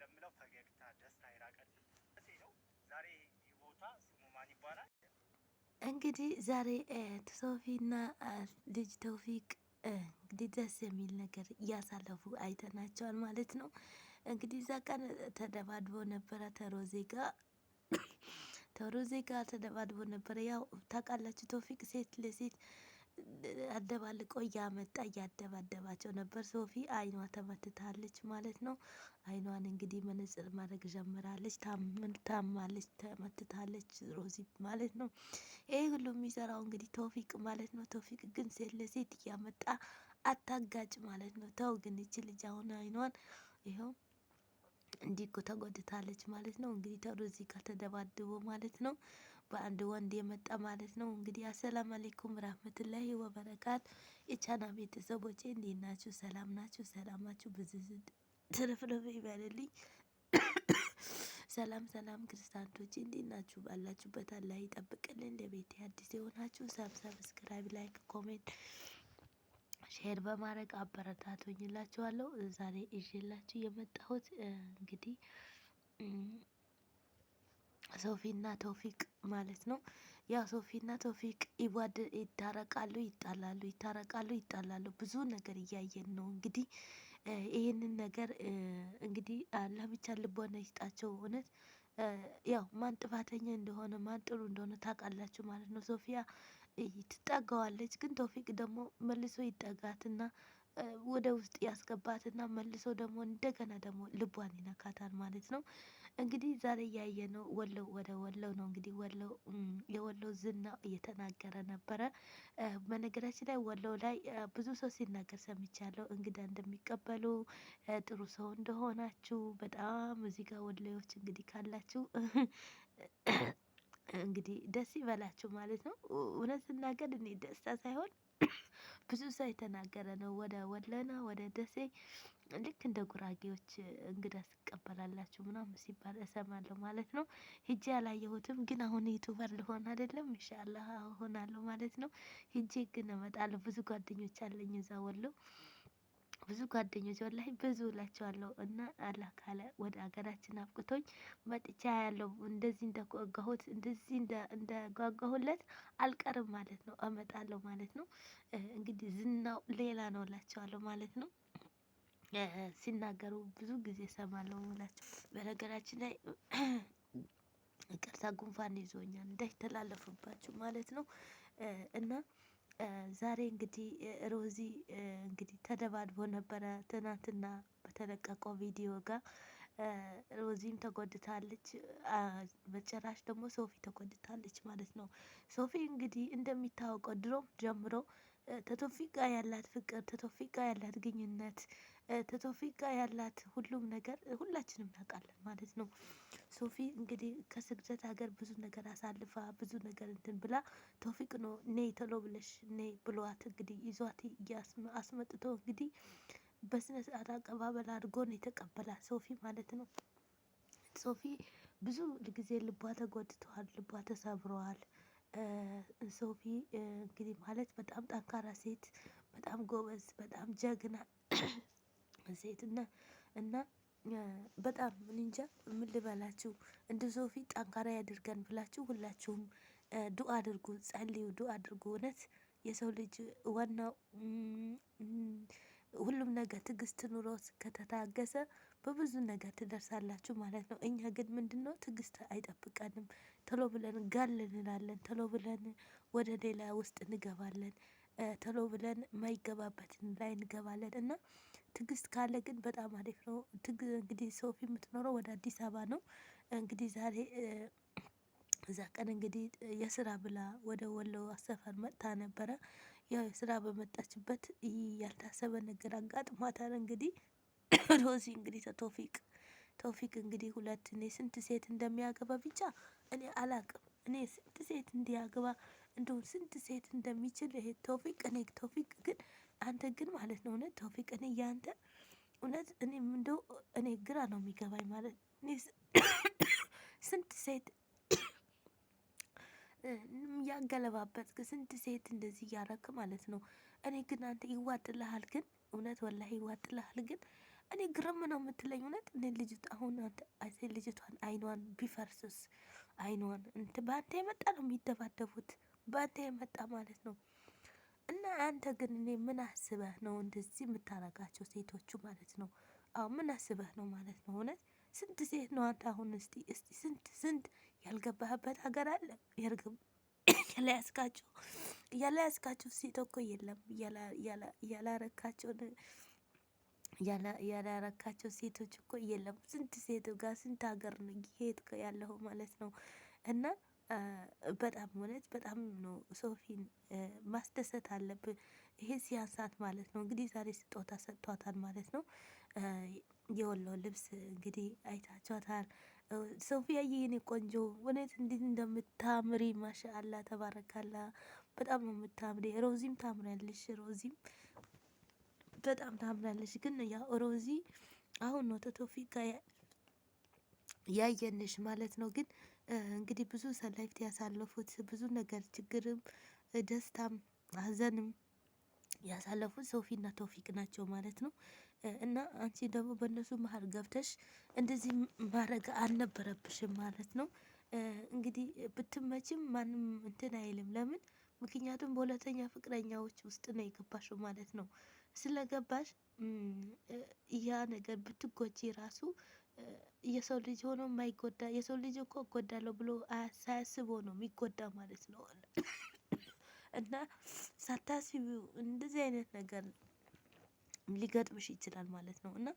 እንደምለው ፈገግታ፣ ደስታ ይራቀል ነው። ዛሬ ቦታ ስሙ ማን ይባላል? እንግዲህ ዛሬ ሶፊና ልጅ ተውፊቅ እንግዲህ ደስ የሚል ነገር እያሳለፉ አይተናቸዋል ማለት ነው። እንግዲህ እዛ ቀን ተደባድቦ ነበረ ተሮዜ ጋር ተሮዜ ጋር ተደባድቦ ነበረ። ያው ታውቃላችሁ ቶፊቅ ሴት ለሴት አደባልቆ እያመጣ እያደባደባቸው ነበር። ሶፊ አይኗ ተመትታለች ማለት ነው። አይኗን እንግዲህ መነጽር ማድረግ ጀምራለች። ታማለች፣ ተመትታለች ሮዚ ማለት ነው። ይህ ሁሉ የሚሰራው እንግዲህ ቶፊቅ ማለት ነው። ቶፊቅ ግን ሴት ለሴት እያመጣ አታጋጭ ማለት ነው። ተው ግን ይች ልጅ አሁን አይኗን ይኸው እንዲህ እኮ ተጎድታለች ማለት ነው። እንግዲህ ተሮዚ ጋር ተደባድቦ ማለት ነው። በአንድ ወንድ የመጣ ማለት ነው። እንግዲህ አሰላም አሌይኩም ራህመቱላሂ ወበረካት የቻና ቤተሰቦች እንዴት ናችሁ? ሰላም ናችሁ? ሰላማችሁ ብዙ ትርፍርፍ ይበልልኝ። ሰላም ሰላም ክርስቲያኖች እንዴት ናችሁ? ባላችሁበት አላህ ይጠብቅልን። ለቤቴ አዲስ የሆናችሁ ሰብ ሰብስክራይብ፣ ላይክ፣ ኮሜንት፣ ሼር በማድረግ አበረታቶኝላችኋለሁ። ዛሬ ይዤላችሁ የመጣሁት እንግዲህ ሶፊና ቶፊቅ ማለት ነው። ያ ሶፊና ቶፊቅ ይታረቃሉ፣ ይጣላሉ፣ ይታረቃሉ፣ ይጣላሉ። ብዙ ነገር እያየን ነው እንግዲህ ይህንን ነገር እንግዲህ ለብቻ ብቻ ልቦና ይስጣቸው። እውነት ያው ማን ጥፋተኛ እንደሆነ ማን ጥሩ እንደሆነ ታውቃላችሁ ማለት ነው። ሶፊያ ትጠጋዋለች፣ ግን ቶፊቅ ደግሞ መልሶ ይጠጋትና ወደ ውስጥ ያስገባትና መልሶ ደግሞ እንደገና ደግሞ ልቧን ይነካታል ማለት ነው። እንግዲህ ዛሬ እያየ ነው ወሎ ወደ ወሎ ነው እንግዲህ ወሎ የወሎ ዝና እየተናገረ ነበረ። በነገራችን ላይ ወሎ ላይ ብዙ ሰው ሲናገር ሰምቻለሁ። እንግዳ እንደሚቀበሉ ጥሩ ሰው እንደሆናችሁ በጣም እዚህ ጋር ወሎዎች እንግዲህ ካላችሁ እንግዲህ ደስ ይበላችሁ ማለት ነው። እውነት ስናገር እኔ ደስታ ሳይሆን ብዙ ሰው የተናገረ ነው ወደ ወለና ወደ ደሴ ልክ እንደ ጉራጌዎች እንግዳ ትቀበላላችሁ ምናምን ሲባል እሰማለሁ ማለት ነው። ሂጄ አላየሁትም፣ ግን አሁን ዩቱበር ልሆን አይደለም ኢንሻላህ እሆናለሁ ማለት ነው። ሂጄ ግን እመጣለሁ። ብዙ ጓደኞች አለኝ እዛ ወሎ ብዙ ጓደኞች ወላሂ ብዙ እላቸዋለሁ እና አላህ ካለ ወደ ሀገራችን አብቅቶኝ መጥቻ ያለው እንደዚህ እንደጓጓሁት እንደዚህ እንደጓጓሁለት አልቀርም ማለት ነው። እመጣለሁ ማለት ነው። እንግዲህ ዝናው ሌላ ነው እላቸዋለሁ ማለት ነው። ሲናገሩ ብዙ ጊዜ እሰማለሁ ምላቸው። በነገራችን ላይ ይቅርታ ጉንፋን ይዞኛል እንዳይተላለፍባችሁ ማለት ነው። እና ዛሬ እንግዲህ ሮዚ እንግዲህ ተደባድቦ ነበረ ትናንትና በተለቀቀው ቪዲዮ ጋር ሮዚም ተጎድታለች። በጭራሽ ደግሞ ሶፊ ተጎድታለች ማለት ነው። ሶፊ እንግዲህ እንደሚታወቀው ድሮም ጀምሮ ተቶፊቅ ጋር ያላት ፍቅር ተቶፊቅ ጋር ያላት ግንኙነት ከቶፊቅ ጋር ያላት ሁሉም ነገር ሁላችንም እናውቃለን ማለት ነው። ሶፊ እንግዲህ ከስደት ሀገር ብዙ ነገር አሳልፋ ብዙ ነገር እንትን ብላ ቶፊቅ ነው ኔ ቶሎ ብለሽ ኔ ብሏት እንግዲህ ይዟት አስመጥቶ እንግዲህ በስነ ስርዓት አቀባበል አድርጎ ነው የተቀበላት ሶፊ ማለት ነው። ሶፊ ብዙ ጊዜ ልቧ ተጎድተዋል፣ ልቧ ተሰብረዋል። ሶፊ እንግዲህ ማለት በጣም ጠንካራ ሴት፣ በጣም ጎበዝ፣ በጣም ጀግና ሴት እና እና በጣም እንጃ ምን ልበላችሁ፣ እንደ ሶፊ ጠንካራ ያደርገን ብላችሁ ሁላችሁም ዱ አድርጉ፣ ጸልዩ፣ ዱ አድርጉ። እውነት የሰው ልጅ ዋናው ሁሉም ነገር ትዕግስት ኑሮት ከተታገሰ በብዙ ነገር ትደርሳላችሁ ማለት ነው። እኛ ግን ምንድን ነው ትዕግስት አይጠብቀንም። ቶሎ ብለን ጋል እንላለን። ቶሎ ብለን ወደ ሌላ ውስጥ እንገባለን። ቶሎ ብለን ማይገባበትን ላይ እንገባለን እና ትግስት ካለ ግን በጣም አሪፍ ነው። ትግ እንግዲህ ሶፊ የምትኖረው ወደ አዲስ አበባ ነው። እንግዲህ ዛሬ እዛ ቀን እንግዲህ የስራ ብላ ወደ ወሎ አሰፋር መጥታ ነበረ። ያው የስራ በመጣችበት ያልታሰበ ነገር አጋጥሟታል። እንግዲህ ሮዚ እንግዲህ ተቶፊቅ ቶፊቅ እንግዲህ ሁለት እኔ ስንት ሴት እንደሚያገባ ብቻ እኔ አላቅም። እኔ ስንት ሴት እንዲያገባ እንደውም ስንት ሴት እንደሚችል ይሄ ቶፊቅ እኔ ቶፊቅ ግን አንተ ግን ማለት ነው እውነት ቶፊቅ እኔ ያንተ እውነት እኔ እንደው እኔ ግራ ነው የሚገባኝ ማለት ስንት ሴት ያገለባበት ስንት ሴት እንደዚህ እያረክ ማለት ነው። እኔ ግን አንተ ይዋጥልሃል ግን እውነት ወላሂ ይዋጥልሃል ግን እኔ ግርም ነው የምትለኝ እውነት እኔ ልጅት አሁን ልጅቷን አይኗን ቢፈርስስ አይኗን እንትን በአንተ የመጣ ነው የሚደባደቡት። በአንተ የመጣ ማለት ነው። እና አንተ ግን እኔ ምን አስበህ ነው እንደዚህ የምታረጋቸው ሴቶቹ ማለት ነው? አዎ ምን አስበህ ነው ማለት ነው? እውነት ስንት ሴት ነው አንተ አሁን እስቲ እስቲ ስንት ስንት ያልገባህበት ሀገር አለ ያለያዝካቸው ያለያዝካቸው ሴት እኮ የለም ያላረካቸው ያላረካቸው ሴቶች እኮ የለም። ስንት ሴት ጋር ስንት ሀገር ነው እየሄድክ ማለት ነው እና በጣም እውነት በጣም ነው። ሶፊን ማስደሰት አለብ። ይሄ ሲያንሳት ማለት ነው እንግዲህ ዛሬ ስጦታ ሰጥቷታል ማለት ነው። የወሎ ልብስ እንግዲህ አይታችኋታል። ሶፊያዬ የኔ ቆንጆ እውነት እንዴት እንደምታምሪ ማሻአላ ተባረካላ። በጣም ነው የምታምሪ። ሮዚም ታምራለሽ። ሮዚም በጣም ታምራለሽ። ግን ያው ሮዚ አሁን ነው ተቶፊ ያየንሽ ማለት ነው ግን እንግዲህ ብዙ ሰላይፍት ያሳለፉት ብዙ ነገር ችግርም፣ ደስታም፣ ሀዘንም ያሳለፉት ሶፊና ተውፊቅ ናቸው ማለት ነው። እና አንቺ ደግሞ በእነሱ መሀል ገብተሽ እንደዚህ ማድረግ አልነበረብሽም ማለት ነው። እንግዲህ ብትመችም ማንም እንትን አይልም። ለምን? ምክንያቱም በሁለተኛ ፍቅረኛዎች ውስጥ ነው የገባሽው ማለት ነው። ስለገባሽ ያ ነገር ብትጎጂ ራሱ የሰው ልጅ ሆኖ የማይጎዳ የሰው ልጅ እኮ እጎዳለሁ ብሎ ሳያስብ ሆኖ የሚጎዳ ማለት ነው። እና ሳታስቢው እንደዚህ አይነት ነገር ሊገጥምሽ ይችላል ማለት ነው። እና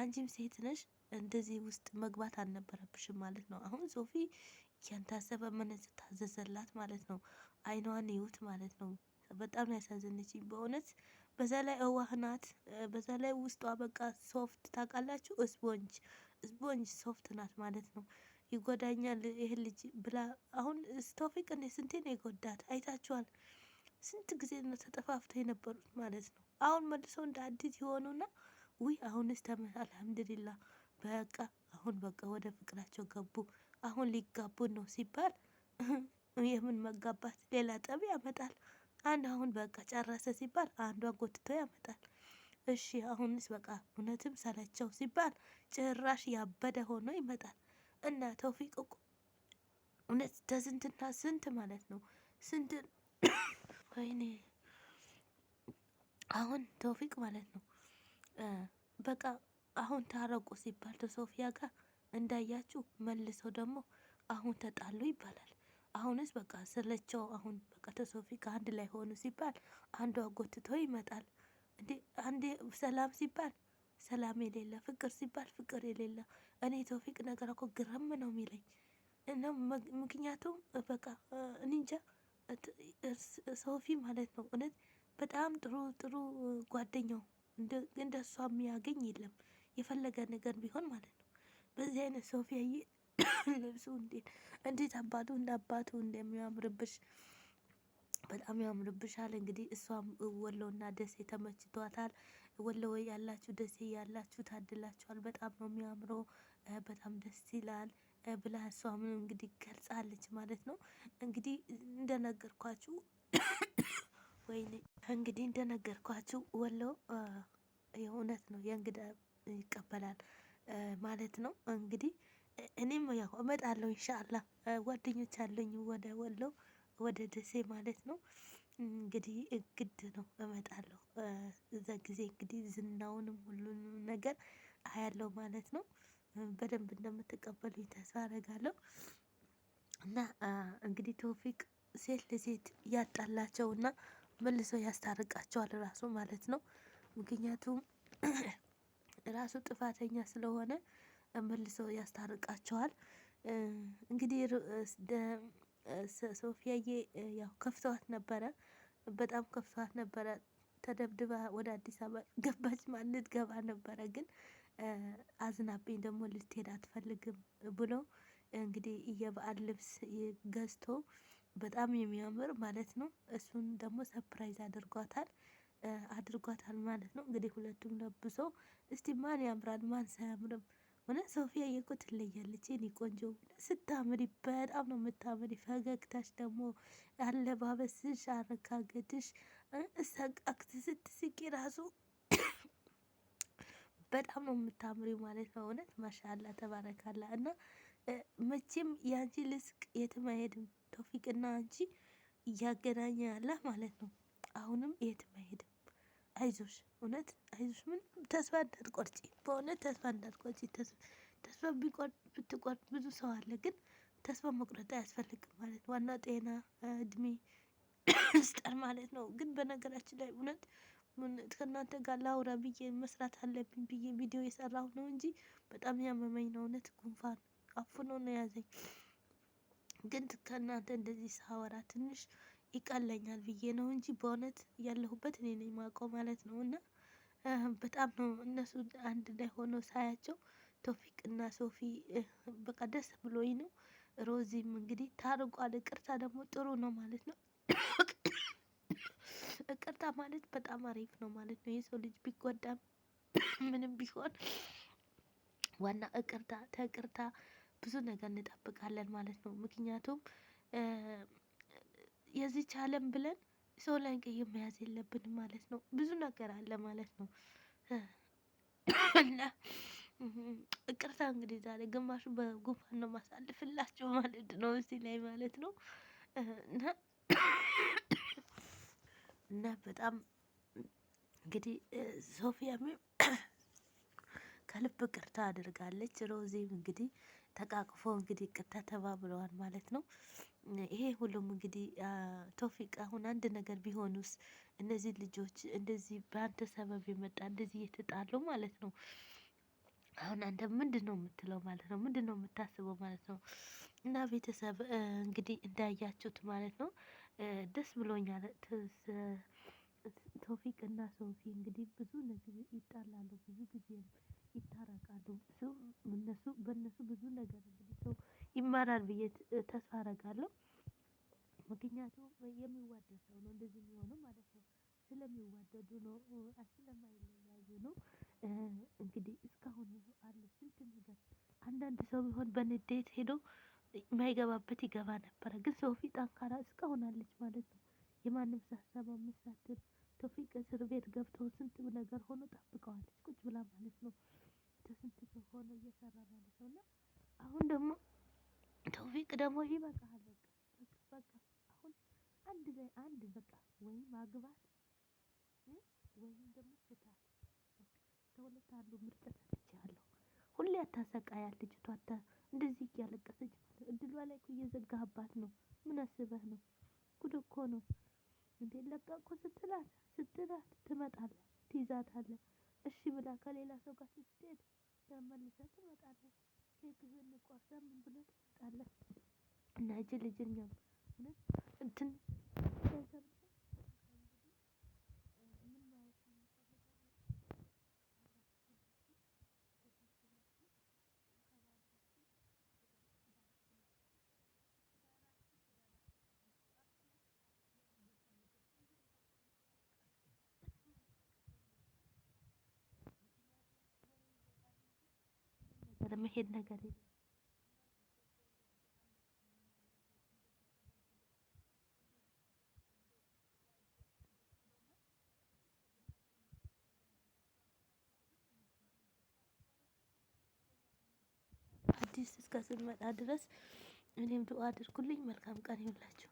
አንቺም ሴት ነሽ እንደዚህ ውስጥ መግባት አልነበረብሽም ማለት ነው። አሁን ሶፊ ያንታሰበ መነጽር ታዘዘላት ማለት ነው። አይኗን ይዩት ማለት ነው። በጣም ያሳዘነችኝ በእውነት በዛ ላይ እዋህናት በዛ ላይ ውስጧ በቃ ሶፍት ታውቃላችሁ፣ ስፖንጅ ስፖንጅ ሶፍት ናት ማለት ነው። ይጎዳኛል ይሄን ልጅ ብላ አሁን ስቶፊቅ እኔ ስንቴ ነው የጎዳት አይታችኋል። ስንት ጊዜ ነው ተጠፋፍተው የነበሩት ማለት ነው። አሁን መልሰው እንደ አዲስ የሆኑና ውይ አሁንስ ተመ- አልሐምዱሊላ በቃ አሁን በቃ ወደ ፍቅራቸው ገቡ። አሁን ሊጋቡ ነው ሲባል የምን መጋባት ሌላ ጠብ ያመጣል። አንድ አሁን በቃ ጨረሰ ሲባል አንዷ ጎትቶ ያመጣል። እሺ አሁንስ በቃ እውነትም ሰለቸው ሲባል ጭራሽ ያበደ ሆኖ ይመጣል እና ተውፊቅ እኮ እውነት ተስንትና ስንት ማለት ነው ስንት ወይኔ አሁን ተውፊቅ ማለት ነው በቃ አሁን ታረቁ ሲባል ተሶፊያ ጋር እንዳያችሁ መልሰው ደግሞ አሁን ተጣሉ ይባላል። አሁንስ በቃ ስለቸው አሁን በቃ ተሶፊ አንድ ላይ ሆኑ ሲባል አንዷ አጎትቶ ይመጣል። አንዴ ሰላም ሲባል ሰላም የሌለ ፍቅር ሲባል ፍቅር የሌለ እኔ ተውፊቅ ነገር እኮ ግርም ነው የሚለኝ እና ምክንያቱም በቃ እንጃ ሶፊ ማለት ነው እውነት በጣም ጥሩ ጥሩ ጓደኛው እንደ እሷ የሚያገኝ የለም። የፈለገ ነገር ቢሆን ማለት ነው። በዚህ አይነት ሶፊ ልብሱ እንዴት እንዴት አባቱ እንደ አባቱ እንደሚያምርብሽ በጣም ያምርብሻል። እንግዲህ እሷም ወሎና ደሴ ተመችቷታል። ወሎ ያላችሁ ደሴ ያላችሁ ታድላችኋል። በጣም ነው የሚያምረው፣ በጣም ደስ ይላል ብላ እሷም እንግዲህ ገልጻለች ማለት ነው። እንግዲህ እንደነገርኳችሁ ወይኔ እንግዲህ እንደነገርኳችሁ ወሎ የእውነት ነው የእንግዳ ይቀበላል ማለት ነው። እንግዲህ እኔም ያው እመጣለሁ ኢንሻአላህ ጓደኞች አለኝ ወደ ወሎ ወደ ደሴ ማለት ነው። እንግዲህ ግድ ነው እመጣለሁ። እዛ ጊዜ እንግዲህ ዝናውንም ሁሉንም ነገር አያለው ማለት ነው። በደንብ እንደምትቀበሉኝ ተስፋ አደርጋለሁ። እና እንግዲህ ቶፊቅ ሴት ለሴት ያጣላቸው እና መልሶ ያስታርቃቸዋል ራሱ ማለት ነው። ምክንያቱም ራሱ ጥፋተኛ ስለሆነ መልሶ ያስታርቃቸዋል። እንግዲህ ሶፊያዬ ያው ከፍተዋት ነበረ፣ በጣም ከፍተዋት ነበረ። ተደብድባ ወደ አዲስ አበባ ገባች። ማለት ልትገባ ነበረ፣ ግን አዝናብኝ ደግሞ ልትሄድ አትፈልግም ብሎ እንግዲህ የበዓል ልብስ ገዝቶ በጣም የሚያምር ማለት ነው። እሱን ደግሞ ሰፕራይዝ አድርጓታል አድርጓታል ማለት ነው። እንግዲህ ሁለቱም ለብሶ እስቲ ማን ያምራል ማን ሳያምርም እውነት ሶፊያ እኮ ትለያለች። የኔ ቆንጆ ስታምሪ በጣም ነው የምታምሪ። ፈገግታሽ ደግሞ አለባበስሽ፣ አረጋገጥሽ እሳቃክት ስትስቂ ራሱ በጣም ነው የምታምሪ ማለት ነው። እውነት ማሻላ ተባረካላ። እና መቼም የአንቺ ልስቅ የትም አይሄድም። ቶፊቅና አንቺ እያገናኘ ያለ ማለት ነው። አሁንም የትም አይሄድም። አይዞሽ፣ እውነት አይዞሽ። ምን ተስፋ እንዳትቆርጪ፣ በእውነት ተስፋ እንዳትቆርጪ። ተስፋ ቢቆርጥ ብትቆርጥ ብዙ ሰው አለ፣ ግን ተስፋ መቁረጥ አያስፈልግም ማለት ነው። ዋና ጤና እድሜ ስጠር ማለት ነው። ግን በነገራችን ላይ እውነት ከእናንተ ጋር ላውራ ብዬ መስራት አለብኝ ብዬ ቪዲዮ የሰራሁ ነው እንጂ በጣም ያመመኝ ነው እውነት። ጉንፋን አፍኖ ነው ያዘኝ። ግን ከእናንተ እንደዚህ ሳወራ ትንሽ ይቀለኛል ብዬ ነው እንጂ በእውነት ያለሁበት እኔ ነኝ ማውቀው ማለት ነው። እና በጣም ነው እነሱ አንድ ላይ ሆኖ ሳያቸው ቶፊቅ እና ሶፊ በቃ ደስ ብሎኝ ነው። ሮዚም እንግዲህ ታርቋል። ቅርታ ደግሞ ጥሩ ነው ማለት ነው። እቅርታ ማለት በጣም አሪፍ ነው ማለት ነው። የሰው ልጅ ቢጎዳም ምንም ቢሆን ዋና እቅርታ ተቅርታ ብዙ ነገር እንጠብቃለን ማለት ነው። ምክንያቱም የዚች ዓለም ብለን ሰው ላይ ቀይ መያዝ የለብንም ማለት ነው። ብዙ ነገር አለ ማለት ነው። እቅርታ እንግዲህ ዛሬ ግማሹ በጉንፋን ነው ማሳልፍላቸው ማለት ነው እዚህ ላይ ማለት ነው። እና በጣም እንግዲህ ሶፊያም ከልብ ቅርታ አድርጋለች። ሮዚም እንግዲህ ተቃቅፎ እንግዲህ ቅርታ ተባብለዋል ማለት ነው። ይሄ ሁሉም እንግዲህ ቶፊቅ አሁን አንድ ነገር ቢሆኑስ እነዚህ ልጆች እንደዚህ በአንተ ሰበብ የመጣ እንደዚህ እየተጣሉ ማለት ነው። አሁን አንተ ምንድን ነው የምትለው ማለት ነው? ምንድን ነው የምታስበው ማለት ነው? እና ቤተሰብ እንግዲህ እንዳያችሁት ማለት ነው ደስ ብሎኛል። ቶፊቅ እና ሶፊ እንግዲህ ብዙ ነገር ይጣላሉ፣ ብዙ ጊዜ ይታረቃሉ። እነሱ በእነሱ ብዙ ነገር እንግዲህ ሰው ይማራል ብዬ ተስፋ አደርጋለሁ። ምክንያቱም የሚዋደድ ሰው ነው እንደዚህ የሚሆነው ማለት ነው። ስለሚዋደዱ ነው ስለማይለያዩ ነው። እንግዲህ እስካሁን አሉ ስንት ነገር አንዳንድ ሰው ቢሆን በንዴት ሄዶ የማይገባበት ይገባ ነበረ። ግን ቶፊቅ ጠንካራ እስካሁን አለች ማለት ነው። የማንም ሳትሰማ ምን ቶፊቅ እስር ቤት ገብተው ስንት ነገር ሆኖ ጠብቀዋለች ቁጭ ብላ ማለት ነው። ከስንት ሰው ሆኖ እየሰራ ማለት ነው እና አሁን ደግሞ ተውፊቅ ደግሞ ይበቃሃል። በቃ አሁን አንድ ላይ አንድ በቃ ወይም አግባት ወይም ደግሞ ፍታት። ከሁለት አንዱ ምርጥ ሰጥቼሃለሁ። ሁሌ አታሰቃያት ልጅቷ እንደዚህ እያለቀሰች ማለት እድሏ ላይ እኮ እየዘጋህባት ነው። ምን አስበህ ነው? ጉድ እኮ ነው እንዴ! ለቃ ስትላት ስትላት ትመጣለህ፣ ትይዛታለህ። እሺ ብላ ከሌላ ሰው ጋር ስትሄድ ተመልሰህ ትመጣለህ። የግብር ቋሳ ምን ብለን እንመጣለን እና እጅ እንትን ነገር መሄድ ነገር አዲስ እስከ ስንመጣ ድረስ እኔም ዱአ አድርጉልኝ። መልካም ቀን ይሁንላችሁ።